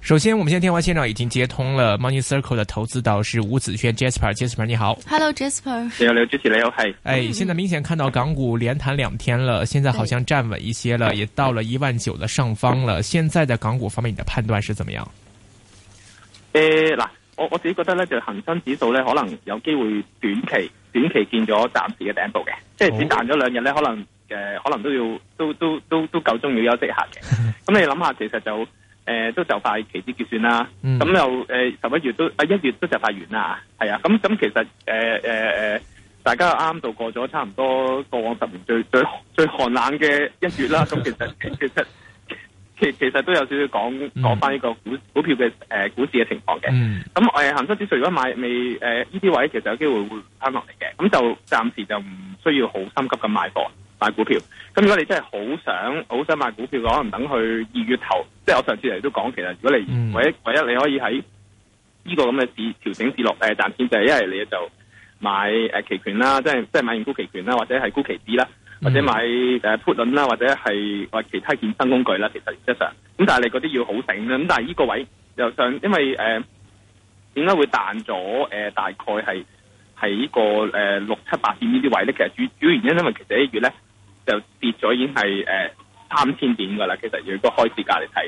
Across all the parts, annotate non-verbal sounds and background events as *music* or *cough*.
首先，我們現在電話線上已經接通了 Money Circle 的投資導師吳子軒 Jasper，Jasper Jas 你好。Hello Jasper。你好，你好，主持你好，係。誒，現在明顯看到港股連彈兩天了，現在好像站穩一些了，也到了一萬九的上方了。現在在港股方面，你的判斷是怎麼樣？誒，嗱，我我自己覺得呢，就恒生指數呢，可能有機會短期短期見咗暫時嘅頂部嘅，即係短彈咗兩日呢，可能誒、呃，可能都要都都都都夠鐘要休息下嘅。咁你諗下，其實就。誒、呃，都就快期指結算啦，咁、嗯、又誒十一月都啊一月都就快完啦，係啊，咁咁其實誒誒誒，大家啱啱度過咗差唔多過往十年最最最寒冷嘅一月啦，咁 *laughs* 其實其實其實其實都有少少講講翻呢個股股票嘅誒、呃、股市嘅情況嘅，咁我哋恒生指數如果買未誒呢啲位，其實有機會會翻落嚟嘅，咁就暫時就唔需要好心急咁買貨。買股票，咁如果你真係好想好想買股票嘅話，唔等去二月頭，即係我上次嚟都講，其實如果你唯一、嗯、唯一你可以喺呢個咁嘅市調整跌落誒、賺、呃、錢，就係一係你就買誒、呃、期權啦，即係即係買完沽期權啦，或者係沽期指啦、嗯呃、啦，或者買誒 put 輪啦，或者係或者其他衍生工具啦，其實正上，咁但係你嗰啲要好醒啦。咁但係呢個位又想，因為誒點解會彈咗？誒、呃、大概係喺、這個呃、呢個誒六七八線呢啲位咧？其實主主要原因因為其實呢個月咧。就跌咗，已經係誒、呃、三千點㗎喇。其實如果開市價嚟睇，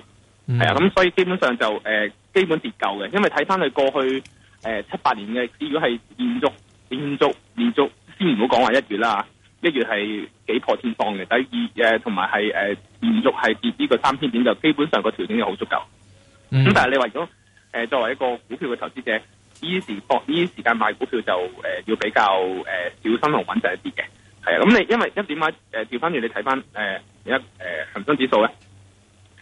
係啊、mm，咁、hmm. 所以基本上就誒、呃，基本跌夠嘅。因為睇返佢過去誒、呃、七八年嘅，如果係連續連續連續，先唔好講話一月啦，一月係幾破天荒嘅。第二誒，同埋係誒連續係跌呢個三千點，就基本上個條件就好足夠。咁、mm hmm. 但係你話如果誒、呃、作為一個股票嘅投資者，呢啲時，呢啲時間買股票就誒、呃、要比較誒、呃、小心同穩陣一啲嘅。係啊，咁你、嗯嗯、因為一點解，誒、呃，調翻轉你睇翻，誒、呃，一誒恒生指數咧，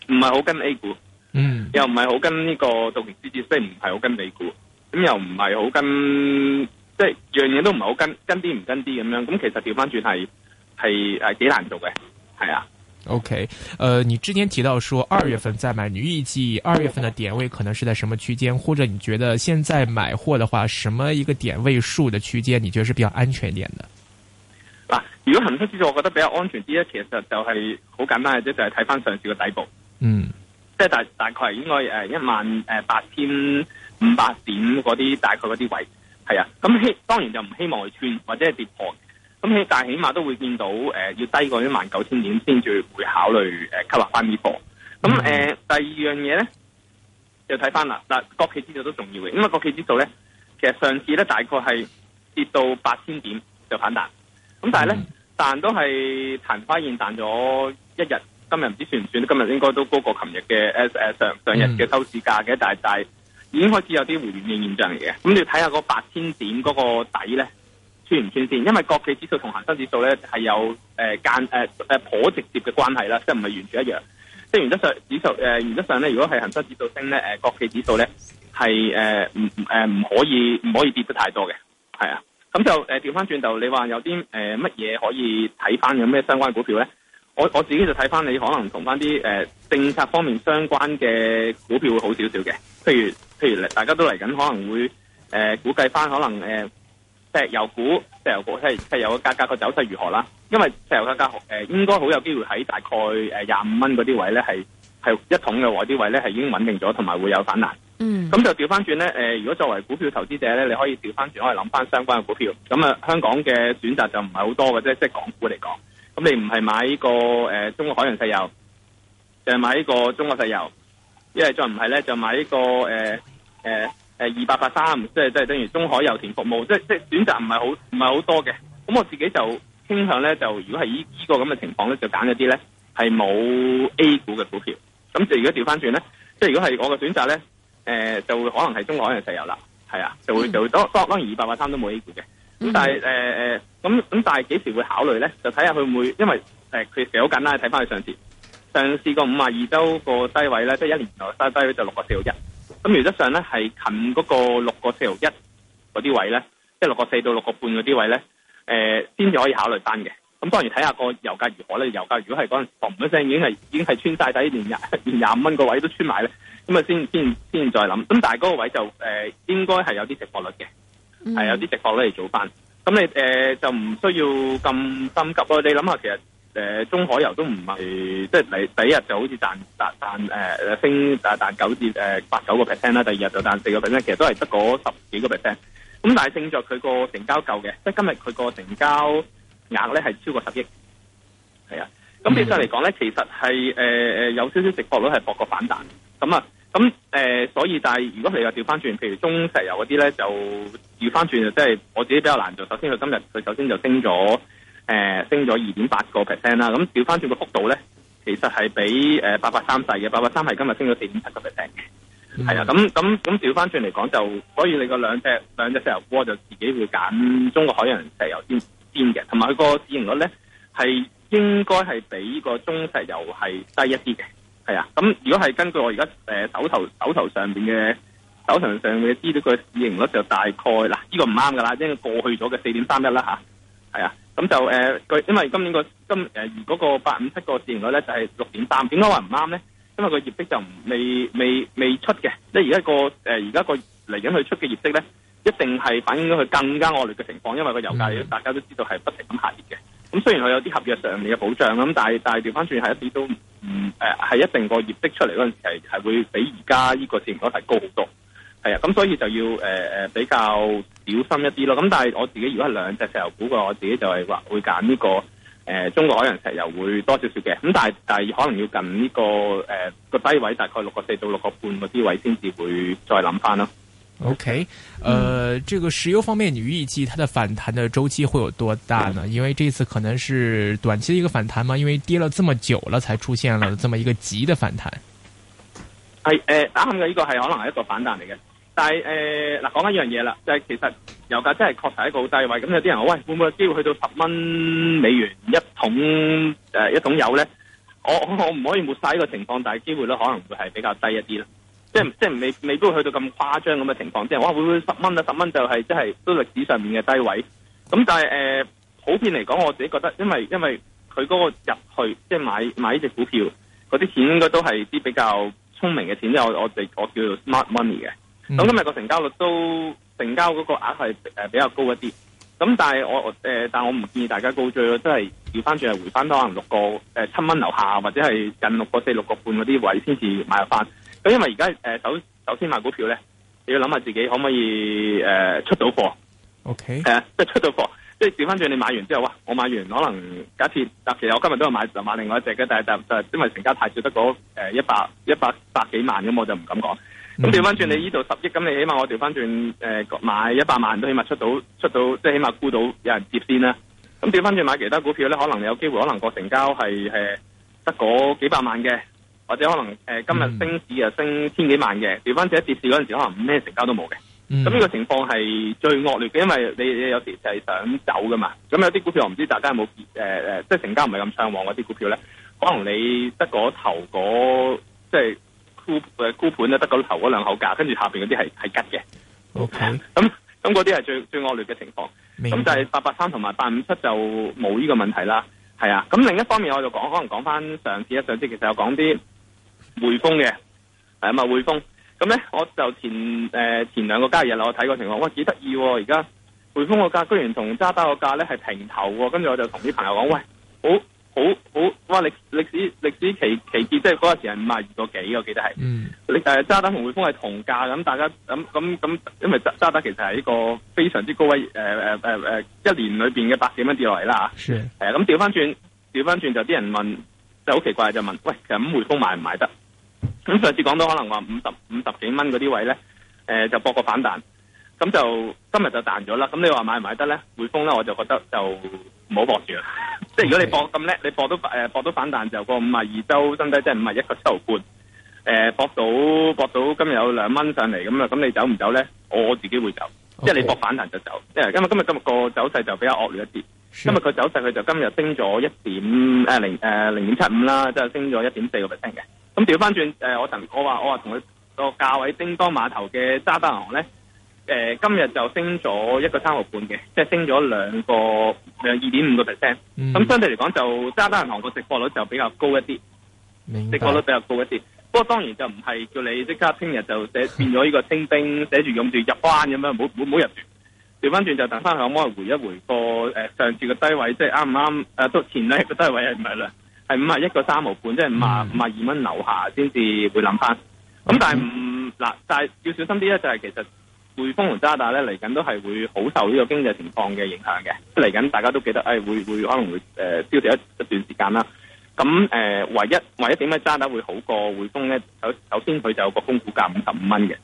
唔係好跟 A 股，嗯，又唔係好跟呢個道瓊斯指數，唔係好跟美股，咁又唔係好跟，即係樣嘢都唔係好跟，跟啲唔跟啲咁樣，咁、嗯、其實調翻轉係係誒幾難做嘅，係啊。OK，誒、呃，你之前提到說二月份再買，你，預計二月份的點位可能是在什麼區間？或者你覺得現在買貨的話，什麼一個點位數的區間你覺得是比較安全一點的？嗱，如果恒生指數，我覺得比較安全啲咧，其實就係好簡單嘅啫，就係睇翻上市嘅底部，嗯，即係大大概係應該誒一萬誒八千五百點嗰啲，大概嗰啲、呃、位，係啊，咁希當然就唔希望去穿或者係跌破，咁起但係起碼都會見到誒、呃、要低過一萬九千點先至會考慮誒吸納翻呢個，咁、呃、誒、嗯呃、第二樣嘢咧，就睇翻啦，嗱國企指數都重要嘅，因為國企指數咧，其實上次咧大概係跌到八千點就反彈。咁但係咧、mm hmm.，但都係曇花現彈咗一日，今日唔知算唔算？今日應該都高過琴日嘅、誒、上上日嘅收市價嘅，但係已經開始有啲回暖嘅現象嚟嘅。咁你要睇下個八千點嗰個底咧，穿唔穿線？因為國企指數同恒生指數咧係有誒間誒誒頗直接嘅關係啦，即係唔係完全一樣。即係原則上指數誒、呃、原則上咧，如果係恒生指數升咧，誒、呃、國企指數咧係誒唔誒唔可以唔可以跌得太多嘅，係啊。咁就誒調翻轉頭，你話有啲乜嘢可以睇翻有咩相關股票咧？我我自己就睇翻你可能同翻啲政策方面相關嘅股票會好少少嘅，譬如譬如嚟大家都嚟緊可能會誒、呃、估計翻可能誒、呃、石油股、石油股即係石油嘅價格個走勢如何啦，因為石油價格、呃、應該好有機會喺大概誒廿五蚊嗰啲位咧係係一桶嘅話的呢，啲位咧係已經穩定咗，同埋會有反彈。嗯，咁就調翻轉咧，誒，如果作為股票投資者咧，你可以調翻轉，可以諗翻相關嘅股票。咁啊，香港嘅選擇就唔係好多嘅啫，即係港股嚟講。咁你唔係買呢個誒、呃、中國海洋石油，就買呢個中國石油，一係再唔係咧就買呢個誒誒誒二八八三，即係即係等於中海油田服務。即係即係選擇唔係好唔係好多嘅。咁我自己就傾向咧，就如果係呢呢個咁嘅情況咧，就揀一啲咧係冇 A 股嘅股票。咁就如果調翻轉咧，即係如果係我嘅選擇咧。誒、呃、就會可能係中國海洋石油啦，係啊，就會就會當當然二百八三都冇呢股嘅，咁 *music* 但係誒誒，咁、呃、咁但係幾時會考慮咧？就睇下佢會，因為誒佢其實好簡單，睇翻佢上次上次個五啊二周個低位咧，即係一年內低低位就六個四毫一，咁原則上咧係近嗰個六個四毫一嗰啲位咧，即係六個四到六個半嗰啲位咧，誒先至可以考慮返嘅。咁當然睇下個油價如何啦，油價如果係講嘣一聲已經係已經係穿晒底，連廿連廿五蚊個位都穿埋咧。咁啊，先先先再諗。咁但嗰個位就誒、呃，應該係有啲值博率嘅，係有啲值博率嚟做返。咁你誒、呃、就唔需要咁心急咯。你諗下，其實誒、呃、中海油都唔係即係第第一日就好似賺賺賺、呃、升九至八九個 percent 啦。第二日就賺四個 percent，其實都係得嗰十幾個 percent。咁但係正在佢個成交夠嘅，即係今日佢個成交額咧係超過十億。係啊，咁其實嚟講咧，其實係、呃、有少少值博率係博個反彈。咁啊～咁誒、呃，所以但係如果嚟話調翻轉，譬如中石油嗰啲咧，就調翻轉就即、是、係我自己比較難做。首先佢今日佢首先就升咗誒、呃，升咗二點八個 percent 啦。咁調翻轉嘅幅度咧，其實係比誒八八三細嘅。八八三係今日升咗四點七個 percent 嘅，係、嗯、啊。咁咁咁調翻轉嚟講，就所以你個兩隻兩隻石油窩就自己會揀中國海洋石油先先嘅，同埋佢個市盈率咧係應該係比呢個中石油係低一啲嘅。係啊，咁如果係根據我而家誒手頭手頭上邊嘅手頭上嘅資料，佢嘅市盈率就大概嗱，呢、啊呢個唔啱噶啦，因為過去咗嘅四點三一啦吓，係啊，咁就誒，佢、呃、因為今年個今、呃、個今誒而八五七個市盈率咧就係六點三，點解話唔啱咧？因為個業績就未未未出嘅，即係而家個誒而家個嚟緊佢出嘅業績咧，一定係反映咗佢更加惡劣嘅情況，因為個油價大家都知道係不停咁下跌嘅。咁、嗯、雖然佢有啲合約上面嘅保障咁，但係但係調翻轉係一啲都。唔。誒，係、呃、一定個業績出嚟嗰陣時，係會比而家呢個市況係高好多，係啊，咁所以就要誒誒、呃、比較小心一啲咯。咁但係我自己如果係兩隻石油股嘅，我自己就係話會揀呢、這個誒、呃、中國海洋石油會多少少嘅。咁但係但係可能要近呢、這個誒個、呃、低位，大概六個四到六個半嗰啲位，先至會再諗翻咯。OK，呃，這個石油方面，你預計它的反彈的周期會有多大呢？因為這次可能是短期的一個反彈嘛，因為跌了這麼久了，才出現了這麼一個急的反彈。係誒、嗯，啱嘅呢個係可能係一個反彈嚟嘅，但係誒嗱，講緊一樣嘢啦，就係、是、其實油價真係確實係一個好低位，咁、嗯、有啲人話喂，會唔會有機會去到十蚊美元一桶誒、呃、一桶油咧？我我唔可以抹晒呢個情況，但係機會咧可能會係比較低一啲啦。即係即係未未必會去到咁誇張咁嘅情況之下，即係我話會唔會十蚊啊？十蚊就係即係都歷史上面嘅低位。咁但係誒、呃，普遍嚟講，我自己覺得因，因為因為佢嗰個入去即係買買呢隻股票嗰啲錢，錢，應該都係啲比較聰明嘅錢，即係我我哋我叫做 smart money 嘅。咁今日個成交率都成交嗰個額係誒比較高一啲。咁但係我誒，但我唔、呃、建議大家高追咯，即係調翻轉係回翻到，到可能六個誒七蚊樓下，或者係近六個四六個半嗰啲位先至買入翻。因為而家誒，首、呃、首先買股票咧，你要諗下自己可唔可以誒、呃、出到貨。OK。誒，即係出到貨，即係調翻轉你買完之後哇我買完可能假設，但其實我今日都有買就買另外一隻嘅，但係但係因為成交太少，得嗰誒一百一百百幾萬咁，我就唔敢講。咁調翻轉你呢度十億，咁你起碼我調翻轉誒買一百萬都起碼出到出到，即係起碼估到有人接先啦。咁調翻轉買其他股票咧，可能你有機會，可能個成交係誒得嗰幾百萬嘅。或者可能誒、呃、今日升市又升千幾萬嘅，調翻轉一跌市嗰陣時，可能咩成交都冇嘅。咁呢、嗯、個情況係最惡劣嘅，因為你有時就係想走噶嘛。咁有啲股票我唔知大家有冇，即係成交唔係咁暢旺嗰啲股票咧，可能你得嗰頭嗰，即係沽誒沽盤咧，得嗰頭嗰兩口價，跟住下面嗰啲係係吉嘅。O K. 咁咁嗰啲係最最惡劣嘅情況。咁但係八八三同埋八五七就冇呢個問題啦。係啊。咁另一方面我就講，可能講翻上次啊，上次其實有講啲。匯豐嘅係啊嘛匯豐咁咧，匯是不是匯那我就前誒、呃、前兩個交易日啦，我睇個情況，哇幾得意喎！而家匯豐個價居然同渣打個價咧係平頭喎，跟住我就同啲朋友講：，喂，好好好哇歷歷史歷史奇奇蹟，即係嗰陣時係五萬二個幾，我記得係、嗯呃。嗯。你誒渣打同匯豐係同價咁，大家咁咁咁，因為渣渣打其實係一個非常之高位誒誒誒誒，一年裏邊嘅百幾蚊跌落嚟啦嚇。是。係啊，咁調翻轉調翻轉就啲人問就好奇怪，就問：，喂，咁匯豐買唔買得？咁上次講到可能話五十五十幾蚊嗰啲位咧、呃，就博個反彈，咁就今日就彈咗啦。咁你話買唔買得咧？匯豐咧我就覺得就唔好博住啦。即係 Okay. 如果你博咁叻，你博到誒博到反彈就個五啊二周新低，即係五啊一個七毫半誒博到搏到今日有兩蚊上嚟咁啊，咁你走唔走咧？我自己會走，即係 Okay. 你博反彈就走。因為今日今日個走勢就比較惡劣一啲，Okay. 今日佢走勢佢就今日升咗一點誒零誒零點七五啦，即、呃、係、呃、升咗一點四個 percent 嘅。咁調翻轉，誒，我同我話，我話同佢個價位，叮噹馬頭嘅渣打銀行咧，誒、呃，今日就升咗一個三毫半嘅，即係升咗兩個兩二點五個 percent。咁、嗯、相對嚟講，就渣打銀行個值博率就比較高一啲，值博率比較高一啲。不過當然就唔係叫你即刻聽日就寫變咗呢個清兵， *laughs* 寫住用住入關咁樣，唔好唔好入住。調翻轉就等翻向我幫佢回一回個誒、呃、上次個低位，即係啱唔啱？誒、呃，篤前咧個低位係唔係啦？係五啊，一個三毫半，即係五啊五啊二蚊樓下先至會諗翻。咁但係唔嗱，嗯、但係要小心啲咧，就係、是、其實匯豐同渣打咧嚟緊都係會好受呢個經濟情況嘅影響嘅。嚟緊大家都記得，誒、哎、會會可能會誒、呃、消停一段時間啦。咁、啊、誒、呃，唯一唯一點解渣打會好過匯豐咧？首首先佢就有個供股價五十五蚊嘅，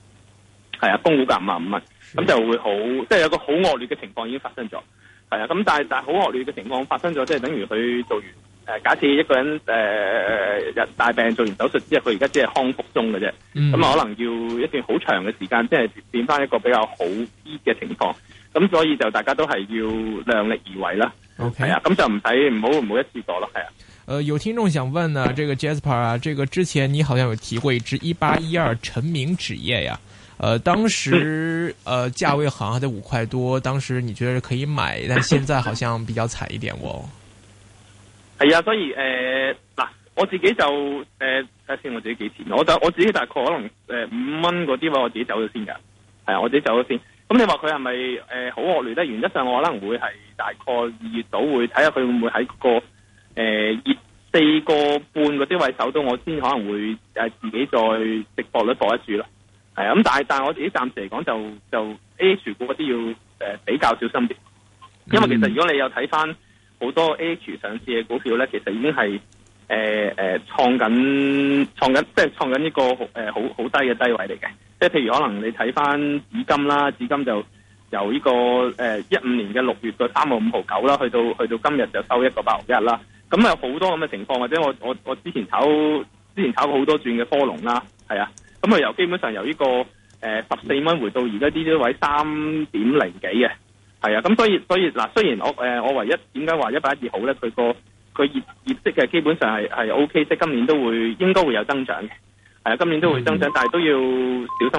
係啊，供股價五啊五蚊，咁，的就會好，即、就、係、是、有個好惡劣嘅情況已經發生咗。係啊，咁但係但係好惡劣嘅情況發生咗，即、就、係、是、等於佢做完。誒，假設一個人誒日、呃、大病做完手術之後，佢而家只係康復中嘅啫，咁啊、嗯、可能要一段好長嘅時間即係、就是、變返一個比較好啲嘅情況，咁所以就大家都係要量力而為啦，係 Okay 啊，咁就唔使唔好唔好一次過咯，係啊。誒、呃，有聽眾想問啊，這個 Jasper 啊，這個之前你好像有提過一支一八一二陳明紙業呀，誒、呃、當時誒、呃、價位好像得五塊多，當時你覺得可以買，但現在好像比較慘一點喎、哦。係啊，所以誒嗱、呃，我自己就誒睇、呃、下先，我自己幾錢？我就我自己大概可能誒五蚊嗰啲位我，我自己走咗先噶。係啊，我自己走咗先。咁你話佢係咪誒好惡劣咧？原則上我可能會係大概二月度會睇下佢會唔會喺個誒四個半嗰啲位守到，我先可能會誒自己再直播率博一住啦。係啊，咁但係但係我自己暫時嚟講就就 A 股嗰啲要誒、呃、比較小心啲，因為其實如果你有睇翻。好多 H 股上市嘅股票咧，其實已經係誒誒創緊創緊即係創緊一個誒好好低嘅低位嚟嘅。即係譬如可能你睇翻紫金啦，紫金就由呢、這個誒一五年嘅六月嘅三個五毫九啦，去到去到今日就收一個八毫一啦。咁啊好多咁嘅情況，或者我我我之前炒之前炒過好多轉嘅科龍啦，係啊，咁啊由基本上由呢、這個誒十四蚊回到而家呢啲位三點零幾嘅。係啊，咁所以所以嗱，雖然我誒、呃、我唯一點解話一百一二好咧，佢、個佢業業績嘅基本上係係 OK，即係今年都會應該會有增長嘅，係啊，今年都會增長，但係都要小心。